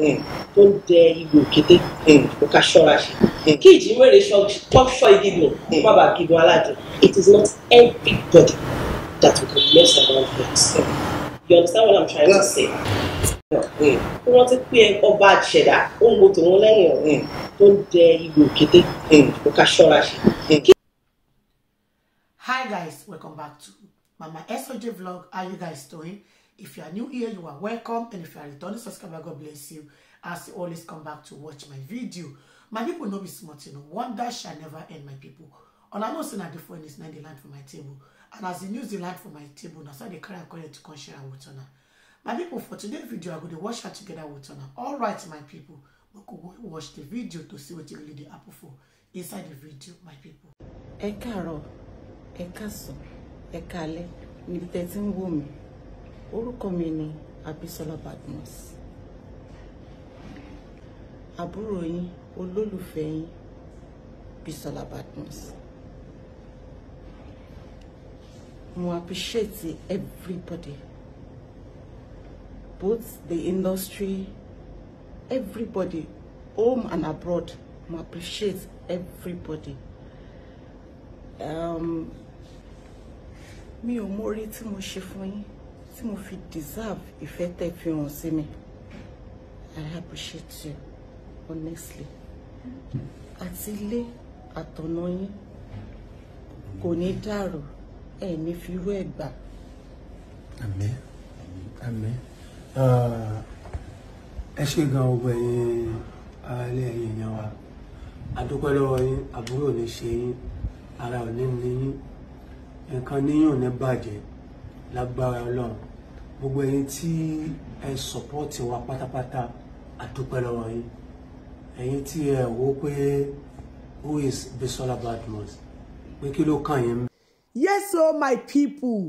Mm. tó dẹ ihò kété mm. kò ká ṣọ́ra ṣe mm. kí ìjímèrè tọ́ṣọ́ igi gùn má bàa gígun aládùn it is not everybody that we can mess around with you understand what I'm trying to say kó wọ́n ti pé ọba àṣẹ̀dá ó ń wo tòun lẹ́yìn ọ̀hún tó dẹ ihò kété kò ká ṣọ́ra ṣe. Hi guys, welcome back to Mama SOJ Vlog. How you guys doing? If you are new here, you are welcome. And if you are returning subscriber, God bless you. As you always come back to watch my video. My people know be smart, you know. Wonder shall never end, my people. All I know say na the phone is not the land for my table. And as the news the land for my table, na so they carry according to come share with honor. My people, for today's video, I go to watch her together with honor. All right, my people. We go watch the video to see what you really the apple for inside the video, my people. Ẹ káàárọ̀, ẹ káàsán, ẹ káalẹ́, ni tẹ́ ti ń orúkọ mi ni Abisola Badmus àbúrò yín olólùfẹ́ yín Bisola Badmus mo appreciate everybody both the industry everybody home and abroad mo appreciate everybody um, mi ò mórí tí mo ṣe fún yín tí mo fi deserve ìfẹ́ tẹ́ fi hàn sí mi I appreciate you honestly àti ilé àtọ̀nà yín kò ní dàrú ẹ̀ ní fi rú ẹ̀ gbà. àmín àmín ẹ ṣe gan ọgbọ ẹ̀yin alẹ ẹ̀yin èèyàn wa àdúpẹ́ lọ́wọ́ yín àbúrò ní ṣe yín ara ò ní ní yín nǹkan níyàn ní bàjẹ́ lágbára Ọlọ́run gbogbo ẹ̀yin tí ẹ sọ̀pọ́ọ̀tì wa pátápátá àdúpẹ́ lọ́wọ́ yín ẹ̀yin tí ẹ wò pé who is Bisola Badmus pé kí ló kàn yín. yes o my people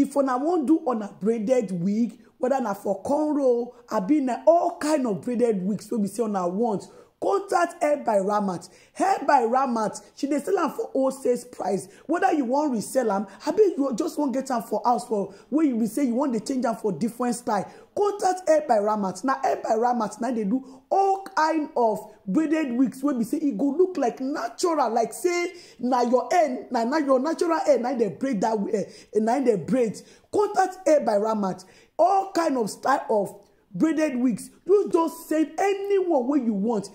if una wan do una braided wig whether na for cornrow abi na all kind of braided wigs wey be say una want contact Help by Ramat. Help by Ramat, she dey sell am for wholesale price. Whether you wan resell am, abi you just wan get am for house for where you be say you wan dey change am for different style. Contact Help by Ramat. Na Help by Ramat na dey do all kind of braided wigs wey be say e go look like natural, like say na your hair, na na your natural hair na dey braid that way, eh, na dey braid. Contact Help by Ramat. All kind of style of braided wigs you just send anyone wey you want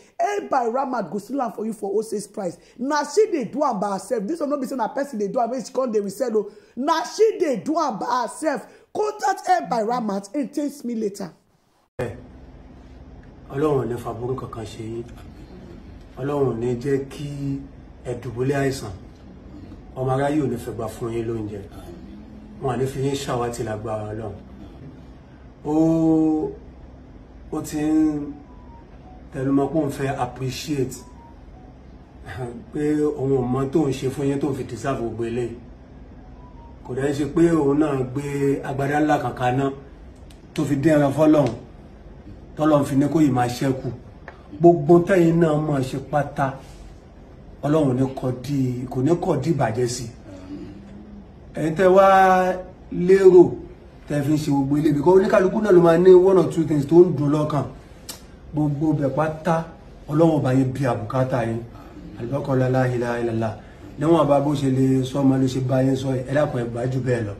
by Ramad go seal am for you for wholesale price na she dey do am by herself This one no be say na person dey do am make she come dey resell o na she dey do am by herself contact by Ramad. and text me later. Eh, ọlọ́run ò ní faburú kankan ṣe yín ọlọ́run ò ní jẹ́ kí ẹ̀dùbúlẹ̀ àìsàn ọmọ aráyé ò ní fẹ́ gbà fún yín lóúnjẹ wọn à ní fi yín ṣàwátì lágbára ọlọ́run ó ó ti ń tẹnumọ́ pé òun fẹ́ appreciate pé òun ò mọ tó ń ṣe fún yín tó fi deserve gbogbo eléyìí kò dẹ́ ṣe pé òun náà gbé agbádá ńlá kankan náà tó fi dín ẹran fọlọ́hún tọ́lọ́hún fi ní kó yìí máa ṣẹ́kù gbogbo tẹ́yìn náà máa ṣe pátá ọlọ́run ní kọ́ kò ní kọ́ di sí ẹ̀yin tẹ́ wá lérò tẹ́ fi ń ṣe gbogbo ilé bìkọ́ oníkálukú náà ló máa ní one or two things tó ń dùn lọ́kàn gbogbo bẹ̀ pátá ọlọ́wọ́n bá yín bí àbùkátà yín àlùbọ́kọ́lá láhìlá ìlàlá níwọ̀n bá bó ṣe lè sọ ọmọ ló ṣe bá yín sọ ẹ dákun ẹ gbájú bẹ́ẹ̀ lọ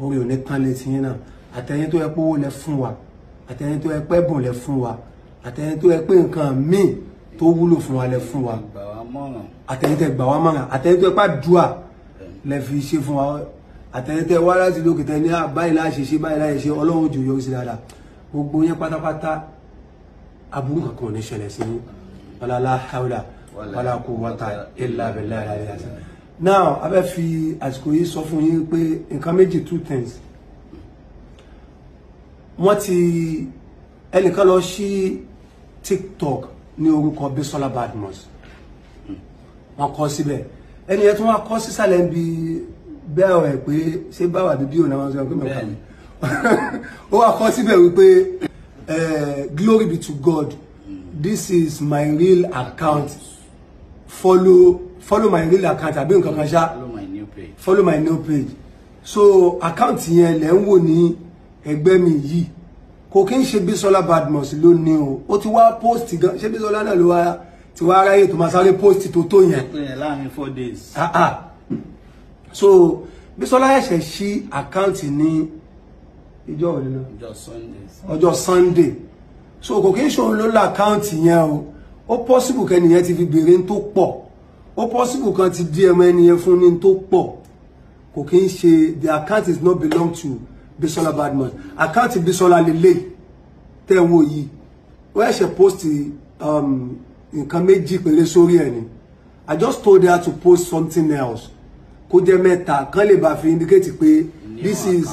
orí òní kan lè ti yín náà àtẹ̀yìn tó yẹ pé owó lẹ fún wa àtẹ̀yìn tó yẹ pé ẹ̀bùn lẹ fún wa àtẹ̀yìn tó yẹ pé nǹkan míì tó wúlò fún wa lẹ fún wa àtẹ̀yìn tẹ gbà wá mọ̀ràn àtẹ̀yìn tó yẹ pé àdúrà lẹ fi ṣe fún wa àtẹ̀yìntẹ̀ wá láti lókè tẹ̀ ní báyìí láṣẹ ṣe báyìí láṣẹ ṣe ọlọ́run jù yọrí sí dáadáa gbogbo yẹn pátápátá aburú kankan ò ní ṣẹlẹ̀ sí ọlọ́lá haúdà wàlá kó wọ́ta ilà bẹ̀lẹ̀ àlàyé àṣà. now a fẹ́ fi àsìkò yìí sọ fún yín pé nǹkan méjì two things wọ́n ti ẹnìkan lọ sí tiktok ní orúkọ Bisola Badmus wọ́n kọ síbẹ̀ ẹni yẹn tí wọ́n kọ sísàlẹ̀ bíi bẹ́ẹ̀ ọ̀ ẹ̀ pé ṣé báwa bíbí òun náà máa sọ pé mẹ́ta mi ó wà kọ́ síbẹ̀ wípé eh, glory be to God this is my real account follow follow my real account àbí nǹkan kan ṣá follow my new page so account yẹn lẹ́ ń wò ní ẹgbẹ́ mi yìí kò kí n ṣe Bísọ́lá Badmus ló ní o ó ti wá post gan ṣé Bísọ́lá náà ló wá ti wá ráyè tó máa sáré post tó tó yẹn. láàrin four days. ah ah so Bísọ́lá ẹ̀ṣẹ̀ ṣí àkáǹtì ní ìjọ òdìnà ọjọ́ Sunday so kò kí ń ṣòun ló lo àkáǹtì yẹn o ó pọ́sibù kẹ́nìyẹn ti fi béèrè ní tó pọ̀ ó pọ́sibù kan ti dí ẹmọ ẹnìyẹn fún ní tó pọ̀ kò kí ń ṣe the account is not belong to Bísọ́lá badman. account Bísọ́lá lélẹ̀ tẹ́ wo yìí ó ẹ̀ṣẹ̀ post um, nǹkan méjì péré sórí ẹ̀ ni I just told her to post something else kó jẹ́ mẹ́ta kán lè bá fi indicate pé this is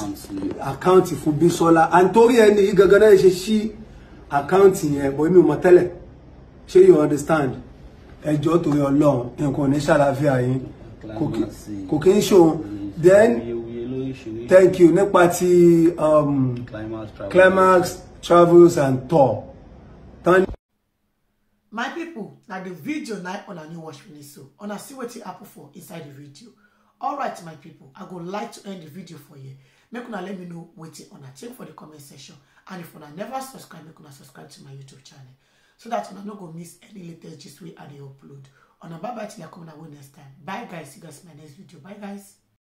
account fún Bísọ́lá and torí ẹni yìí gangan náà ṣe ṣí account yẹn bọ́ mi ò mọ̀ tẹ́lẹ̀ you understand ẹjọ́ torí ọlọ́run nǹkan ní ṣàlàáfíà yín kò kí ń ṣòun mm. then thank you nípa ti um, climax travels and tour. my pipo na di video na una new watch finish so una see wetin happen for inside di video all right my people i go like to end the video for you. make una let me know Waiting on una think for the comment section and if una never subscribe make una subscribe to my youtube channel so that una no go miss any latest gist wey i dey upload una bye bye till i come una way next time bye guys see you guys in my next video bye guys